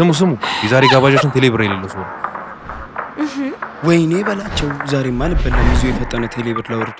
ስሙ ስሙ፣ የዛሬ ጋባዣችን ቴሌብር የሌለው ሰው ወይኔ በላቸው፣ ዛሬማ አልበላም። ይዞ የፈጠነ ቴሌብር ላውርድ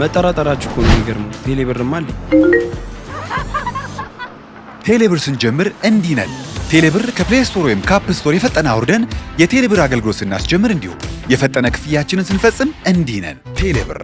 መጠራጠራችሁ እኮ ነው የሚገርመው። ቴሌብርማ አለኝ። ቴሌብር ስንጀምር እንዲህ ነን። ቴሌብር ከፕሌይ ስቶር ወይም ካፕ ስቶር የፈጠነ አውርደን የቴሌብር አገልግሎት ስናስጀምር እንዲሁ የፈጠነ ክፍያችንን ስንፈጽም እንዲህ ነን። ቴሌብር